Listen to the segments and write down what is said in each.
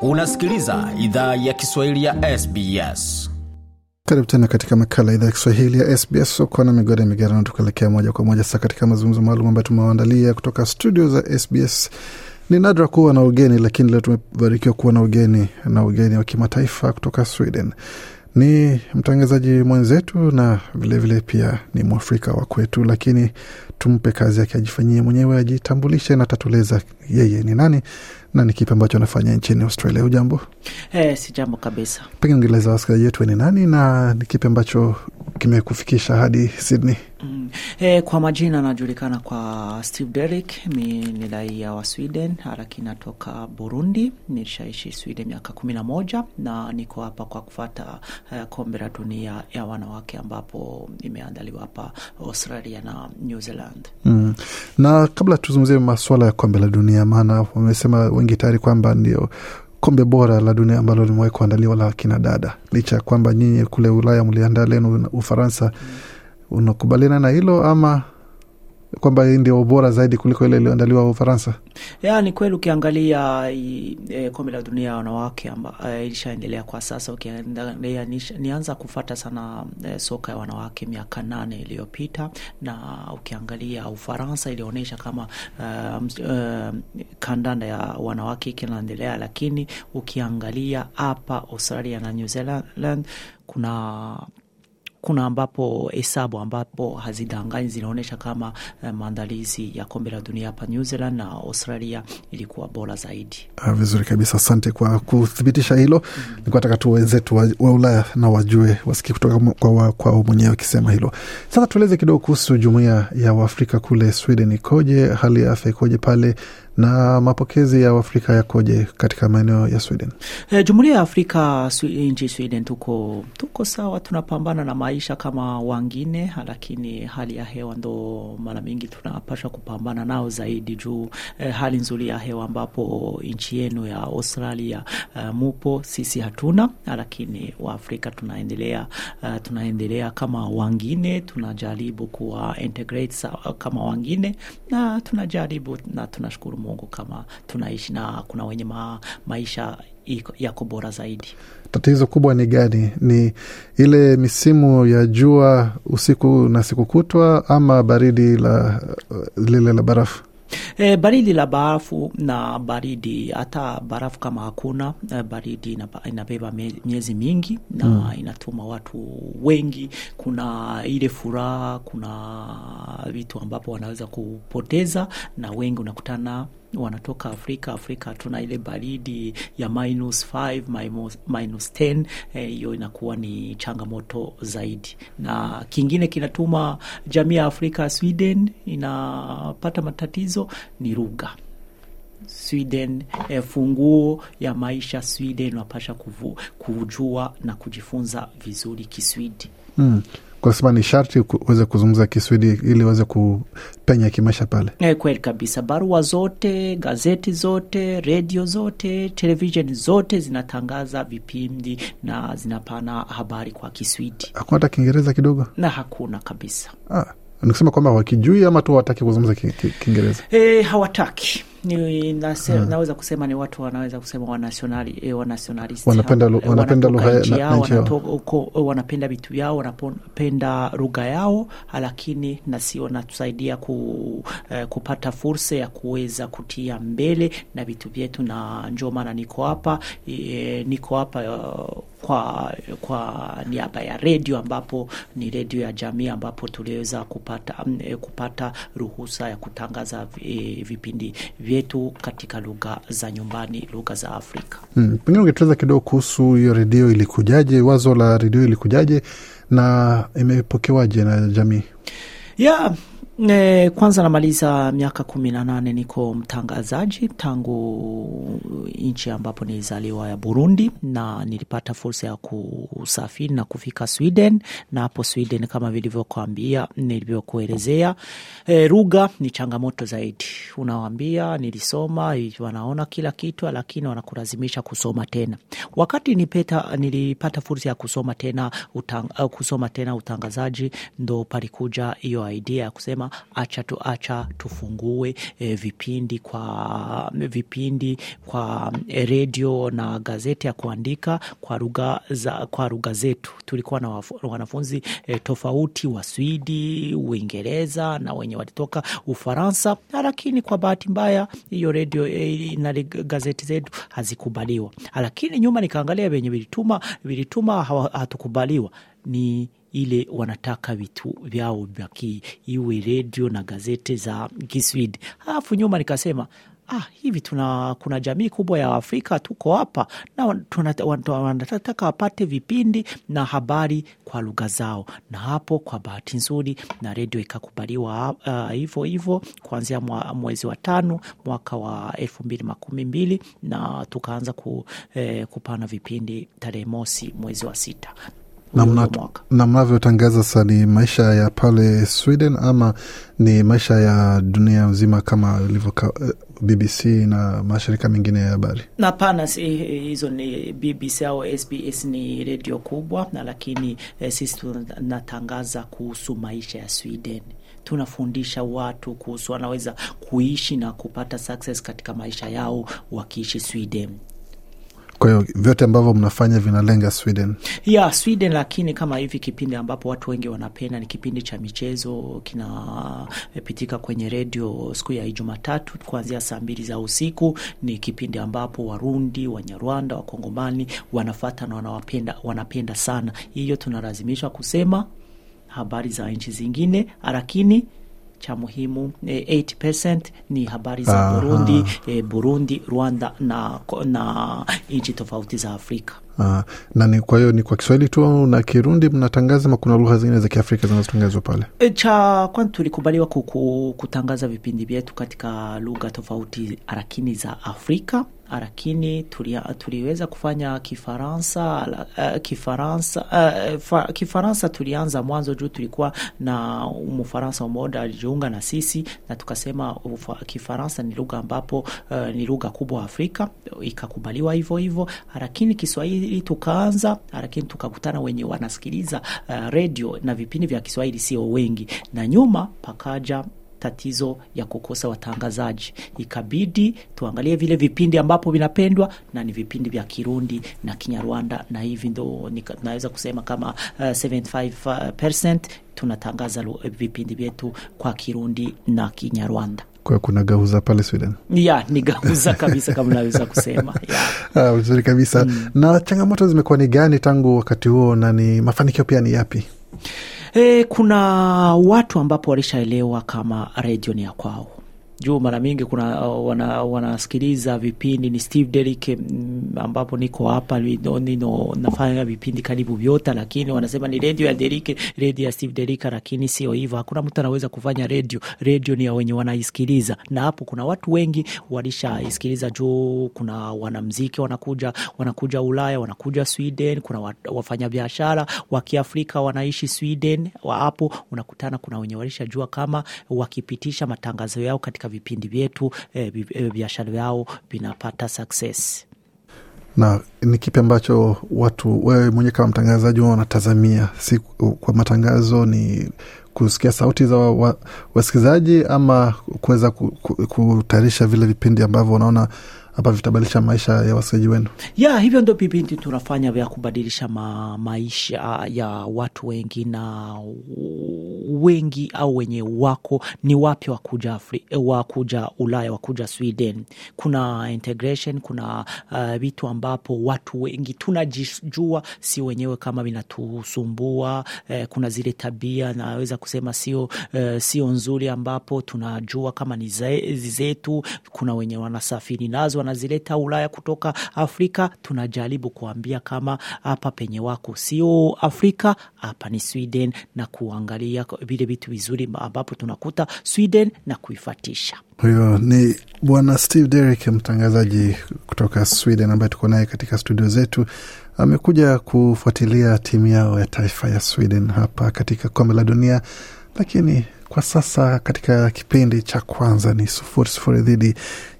unasikiliza idhaa ya kiswahili ya sbs karibu tena katika makala idhaa ya kiswahili ya sbs ukona migode migerano tukaelekea moja kwa moja sasa katika mazungumzo maalum ambayo tumewaandalia kutoka studio za sbs ni nadra kuwa na ugeni lakini leo tumebarikiwa kuwa na ugeni na ugeni wa kimataifa kutoka sweden ni mtangazaji mwenzetu na vilevile vile pia ni mwafrika wa kwetu, lakini tumpe kazi yake, ajifanyie mwenyewe, ajitambulishe na tatueleza yeye ni nani na ni kipi ambacho anafanya nchini Australia. Ujambo? Hey, eh, si jambo kabisa. Pengine ngeleza wasikilizaji wetu ni nani na ni kipi ambacho kimekufikisha hadi Sydney. Mm. E, kwa majina anajulikana kwa Steve Derrick. Mi ni raia wa Sweden lakini natoka Burundi. Nilishaishi Sweden miaka kumi na moja na niko hapa kwa kufata uh, eh, kombe la dunia ya wanawake ambapo imeandaliwa hapa Australia na New Zealand. Mm. Na kabla tuzungumzie masuala ya kombe la dunia, maana wamesema wengi tayari kwamba ndio kombe bora la dunia ambalo limewahi kuandaliwa la kina dada, licha ya kwamba nyinyi kule Ulaya mliandaa lenu Ufaransa. Unakubaliana na hilo ama kwamba hii ndio bora zaidi kuliko ile iliyoandaliwa Ufaransa. Ya, ni kweli ukiangalia e, kombe la dunia ya wanawake e, ilishaendelea kwa sasa. Ukiangalia nianza kufata sana e, soka ya wanawake miaka nane iliyopita, na ukiangalia Ufaransa ilionyesha kama e, e, kandanda ya wanawake ikinaendelea lakini ukiangalia hapa Australia na New Zealand kuna kuna ambapo hesabu ambapo hazidanganyi zinaonyesha kama eh, maandalizi ya kombe la dunia hapa New Zealand na Australia ilikuwa bora zaidi. Ah, vizuri kabisa, asante kwa kuthibitisha hilo. Mm-hmm. Nilikuwa nataka tu wenzetu wa, wa Ulaya na wajue wasikie kutoka kwao kwa mwenyewe wakisema hilo. Sasa tueleze kidogo kuhusu jumuia ya Waafrika kule Sweden ikoje, hali ya afya ikoje pale na mapokezi ya Waafrika yakoje katika maeneo ya Sweden? E, jumuiya ya Afrika nchi Sweden tuko, tuko sawa, tunapambana na maisha kama wangine, lakini hali ya hewa ndo mara mingi tunapasha kupambana nao zaidi juu e, hali nzuri ya hewa ambapo nchi yenu ya Australia e, mupo sisi hatuna, lakini Waafrika tunaendelea e, tunaendelea kama wangine, tunajaribu kuwa integrate kama wangine na tunajaribu na tunashukuru Mungu kama tunaishi na kuna wenye ma, maisha yako bora zaidi. Tatizo kubwa ni gani? Ni ile misimu ya jua usiku na siku kutwa, ama baridi la lile la barafu? E, baridi la barafu na baridi hata barafu kama hakuna e, baridi inabeba miezi mingi na mm, inatuma watu wengi. Kuna ile furaha, kuna vitu ambapo wanaweza kupoteza, na wengi unakutana wanatoka Afrika. Afrika hatuna ile baridi ya minus 5 minus 10, eh, hiyo eh, inakuwa ni changamoto zaidi. Na kingine kinatuma jamii ya Afrika Sweden inapata matatizo ni lugha. Sweden eh, funguo ya maisha Sweden wapasha kujua na kujifunza vizuri Kiswidi mm kasema ni sharti uweze kuzungumza kiswidi ili uweze kupenya kimaisha pale. E, kweli kabisa. Barua zote, gazeti zote, redio zote, televisheni zote zinatangaza vipindi na zinapana habari kwa Kiswidi. Hakuna hata Kiingereza kidogo, na hakuna kabisa. Ah, nikusema kwamba wakijui ama tu hawataki kuzungumza Kiingereza ki, ki, e, hawataki ni nase, hmm. naweza kusema ni watu wanaweza kusema wanasionali eh, wanasionalisti wanapenda eh, lugha yao eh, wanapenda vitu vyao wanapenda lugha yao, lakini na sio ku, eh, kupata fursa ya kuweza kutia mbele na vitu vyetu, na njo maana niko hapa e, niko hapa kwa, kwa niaba ya redio ambapo ni redio ya jamii ambapo tuliweza kupata, mm, eh, kupata ruhusa ya kutangaza eh, vipindi vyetu katika lugha za nyumbani, lugha za Afrika. Hmm, pengine ungetueleza kidogo kuhusu hiyo redio ilikujaje? Wazo la redio ilikujaje na imepokewaje na jamii? Yeah, E, kwanza namaliza miaka kumi na nane niko mtangazaji tangu nchi ambapo nilizaliwa ya Burundi, na nilipata fursa ya kusafiri na kufika Sweden, na hapo Sweden kama vilivyokuambia nilivyokuelezea, e, lugha ni changamoto zaidi. unawambia nilisoma, wanaona kila kitu, lakini wanakulazimisha kusoma tena. Wakati nipeta, nilipata fursa ya kusoma tena utang, kusoma tena utangazaji, ndo palikuja hiyo idea ya kusema acha tu, acha tufungue e, vipindi kwa vipindi kwa e, redio na gazeti ya kuandika kwa lugha za kwa lugha zetu. Tulikuwa na wanafunzi e, tofauti wa Swidi, Uingereza na wenye walitoka Ufaransa, lakini kwa bahati mbaya hiyo redio e, na gazeti zetu hazikubaliwa. Lakini nyuma nikaangalia venye vilituma vilituma hatukubaliwa ni ile wanataka vitu vyao baki iwe redio na gazete za Kiswidi. Alafu nyuma nikasema ah, hivi tuna, kuna jamii kubwa ya Afrika tuko hapa na wanataka wapate vipindi na habari kwa lugha zao, na hapo kwa bahati nzuri na redio ikakubaliwa ah, hivyo uh, hivyo kuanzia mwa, mwezi wa tano mwaka wa elfu mbili makumi mbili na tukaanza ku, eh, kupana vipindi tarehe mosi mwezi wa sita na mnavyotangaza sa ni maisha ya pale Sweden ama ni maisha ya dunia nzima kama ilivyo eh, BBC na mashirika mengine ya habari? Hapana, hizo ni BBC au SBS ni redio kubwa na lakini eh, sisi tunatangaza kuhusu maisha ya Sweden tunafundisha watu kuhusu wanaweza kuishi na kupata success katika maisha yao wakiishi Sweden. Kwa hiyo vyote ambavyo mnafanya vinalenga Sweden ya yeah, Sweden. Lakini kama hivi kipindi ambapo watu wengi wanapenda ni kipindi cha michezo, kinapitika eh, kwenye redio siku ya Jumatatu kuanzia saa mbili za usiku. Ni kipindi ambapo Warundi, Wanyarwanda, Wakongomani wanafata na wanawapenda, wanapenda sana hiyo. Tunalazimishwa kusema habari za nchi zingine, lakini cha muhimu e, eh, 8% ni habari za Aha. Burundi e, Burundi, Rwanda na, na nchi tofauti za Afrika. Aa, ah, na ni kwa hiyo ni kwa Kiswahili tu na Kirundi mnatangaza ma kuna lugha zingine za Kiafrika zinazotangazwa pale? E, cha kwanza tulikubaliwa kuku, kutangaza vipindi vyetu katika lugha tofauti lakini za Afrika lakini tuliweza kufanya Kifaransa uh, Kifaransa uh, fa, Kifaransa tulianza mwanzo juu tulikuwa na Mfaransa mmoja alijiunga na sisi na tukasema ufa, Kifaransa ni lugha ambapo uh, ni lugha kubwa Afrika, ikakubaliwa hivyo hivyo, lakini Kiswahili tukaanza, lakini tukakutana wenye wanasikiliza uh, redio na vipindi vya Kiswahili sio wengi, na nyuma pakaja tatizo ya kukosa watangazaji. Ikabidi tuangalie vile vipindi ambapo vinapendwa na ni vipindi vya Kirundi na Kinyarwanda, na hivi ndo tunaweza kusema kama uh, eh, 75% tunatangaza vipindi vyetu kwa Kirundi na Kinyarwanda. Kwa kuna gauza pale Sweden ya ni gauza kabisa kama naweza kusema ah, vizuri kabisa mm. Na changamoto zimekuwa ni gani tangu wakati huo na ni mafanikio pia ni yapi? E, kuna watu ambapo walishaelewa kama redio ni ya kwao juu mara mingi kuna wana, wanasikiliza vipindi ni Steve Derrick, mm, ambapo niko hapa nafanya vipindi karibu vyote, lakini wanasema ni redio ya Derrick, redio ya Steve Derrick, lakini sio hivyo. Hakuna mtu anaweza kufanya redio. Redio ni ya wenye wanaisikiliza, na hapo kuna watu wengi walishaisikiliza juu kuna wanamziki wanakuja, wanakuja Ulaya, wanakuja Sweden, kuna wafanyabiashara wa Kiafrika wanaishi Sweden, hapo unakutana kuna wenye walishajua kama wakipitisha matangazo yao katika vipindi vyetu e, biashara yao vinapata success. Na ni kipi ambacho watu wewe mwenyewe kama mtangazaji wao wanatazamia, si kwa matangazo ni kusikia sauti za wa, wa, wasikilizaji ama kuweza kutayarisha vile vipindi ambavyo unaona ambavyo vitabadilisha maisha ya wasikaji wenu? Ya hivyo ndo vipindi tunafanya vya kubadilisha ma, maisha ah, ya watu wengi, na wengi au wenye wako ni wapya wakuja wakuja Ulaya, wakuja Sweden. Kuna integration, kuna ah, vitu uh, ambapo watu wengi tunajijua si wenyewe kama vinatusumbua. Eh, kuna zile tabia naweza kusema sio eh, sio nzuri, ambapo tunajua kama ni zetu. Kuna wenye wanasafiri nazo wanazileta Ulaya kutoka Afrika, tunajaribu kuambia kama hapa penye wako sio Afrika, hapa ni Sweden, na kuangalia vile vitu vizuri ambapo tunakuta Sweden na kuifatisha. Huyo ni Bwana Steve Derrick, mtangazaji kutoka Sweden ambaye tuko naye katika studio zetu. Amekuja kufuatilia timu yao ya taifa ya Sweden hapa katika kombe la dunia, lakini kwa sasa katika kipindi cha kwanza ni sufuri sufuri dhidi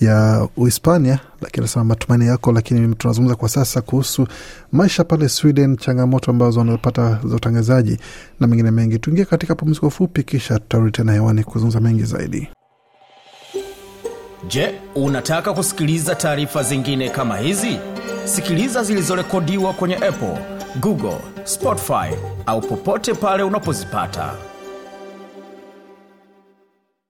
ya Uhispania, lakini anasema matumaini yako. Lakini tunazungumza kwa sasa kuhusu maisha pale Sweden, changamoto ambazo wanapata za utangazaji na mengine mengi. Tuingie katika pumziko fupi, kisha tutarudi tena hewani kuzungumza mengi zaidi. Je, unataka kusikiliza taarifa zingine kama hizi? Sikiliza zilizorekodiwa kwenye Apple, Google, Spotify au popote pale unapozipata.